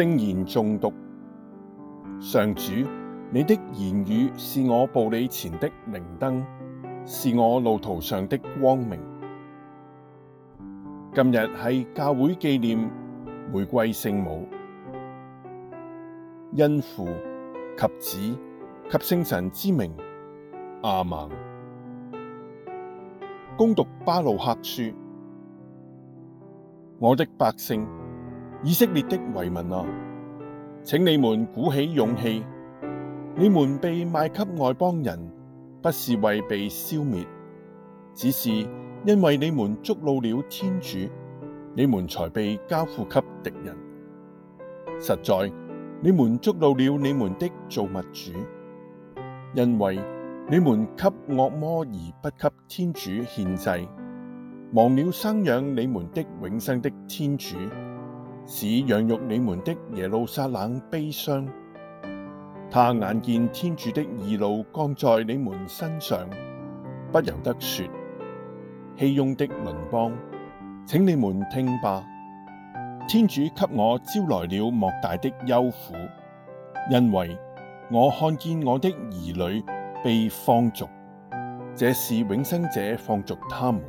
聖言誦讀，上主，你的言語是我步履前的明燈，是我路途上的光明。今日係教會紀念玫瑰聖母，因父及子及聖神之名。阿們，恭讀巴路克書，我的百姓。以色列的遺民啊，請你們鼓起勇氣！你們被賣給外邦人，不是為被消滅，只是因為你們觸怒了天主，你們才被交付給敵人。實在，你們觸怒了你們的造物主，因為你們給惡魔而不給天主獻祭，忘了生養你們的永生的天主。使養育你們的耶路撒冷悲傷，他眼見天主的義怒降在你們身上，不由得說：熙雍的鄰邦，請你們聽吧，天主給我招來了莫大的憂苦，因為我看見我的兒女被放逐，這是永生者放逐他們。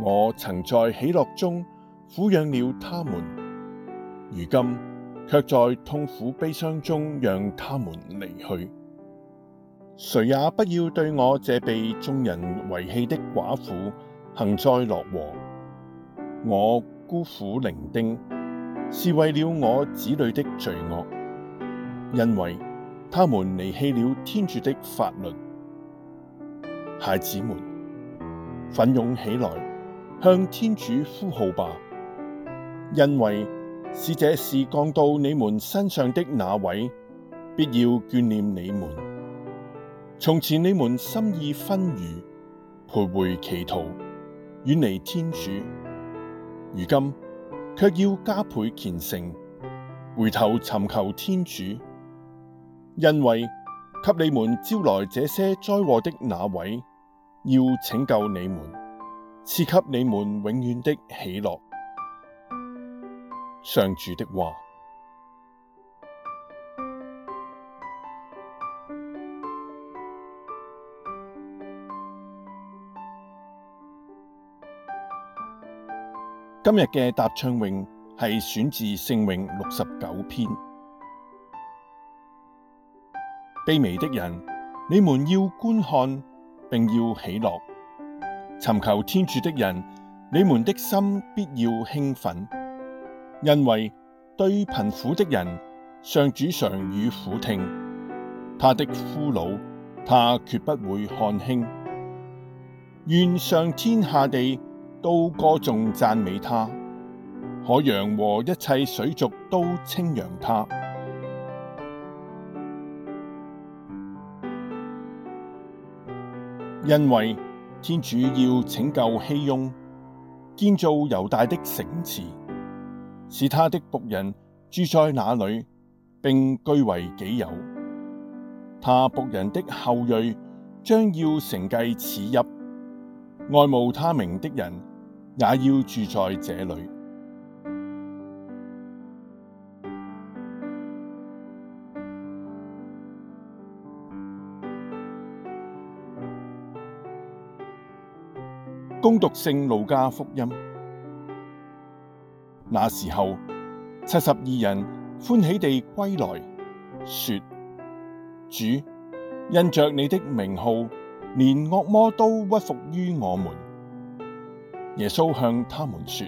我曾在喜樂中。撫養了他們，如今卻在痛苦悲傷中讓他們離去。誰也不要對我這被眾人遺棄的寡婦幸災樂禍。我孤苦伶仃，是為了我子女的罪惡，因為他們離棄了天主的法律。孩子們，奮勇起來，向天主呼號吧！因為使這事降到你們身上的那位，必要眷念你們。從前你們心意昏愚，徘徊歧途，遠離天主；如今卻要加倍虔誠，回頭尋求天主。因為給你們招來這些災禍的那位，要拯救你們，賜給你們永遠的喜樂。上主的話，今日嘅答唱詠係選自聖詠六十九篇。卑微的人，你們要觀看，並要喜樂；尋求天主的人，你們的心必要興奮。因為對貧苦的人，上主常予俯聽，他的俘虜，他決不會看輕。願上天下地都歌頌讚美他，海洋和一切水族都稱揚他。因為天主要拯救熙雍，建造猶大的城池。是他的僕人住在那裏，並據為己有。他僕人的後裔將要承繼此邑，愛慕他名的人也要住在這裏。恭讀聖路加福音。那時候，七十二人歡喜地歸來，說：主，因着你的名號，連惡魔都屈服於我們。耶穌向他們說：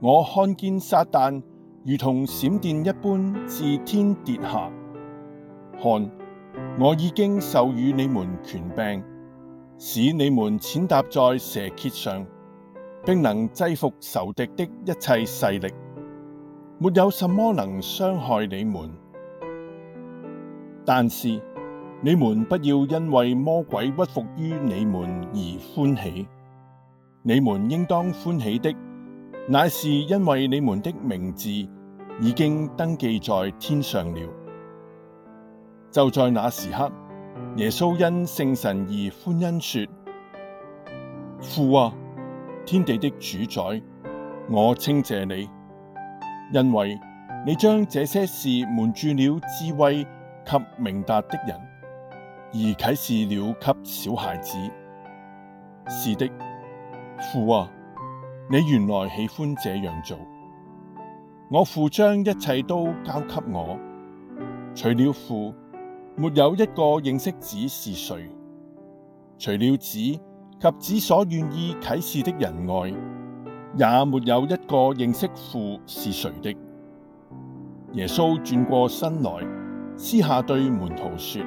我看見撒旦如同閃電一般自天跌下。看，我已經授予你們權柄，使你們踐踏在蛇蠍上。並能制服仇敵的一切勢力，沒有什麼能傷害你們。但是你們不要因為魔鬼屈服於你們而歡喜，你們應當歡喜的，乃是因為你們的名字已經登記在天上了。就在那時刻，耶穌因聖神而歡欣說：父啊！天地的主宰，我稱謝你，因為你將這些事瞞住了智慧及明達的人，而啟示了給小孩子。是的，父啊，你原來喜歡這樣做。我父將一切都交給我，除了父，沒有一個認識子是誰，除了子。及子所願意啟示的人外，也沒有一個認識父是誰的。耶穌轉過身來，私下對門徒說：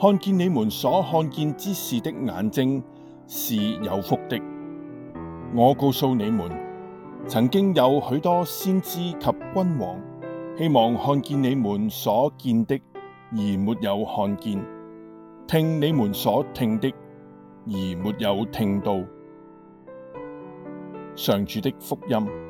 看見你們所看見之事的眼睛是有福的。我告訴你們，曾經有許多先知及君王，希望看見你們所見的，而沒有看見；聽你們所聽的。而沒有聽到，上主的福音。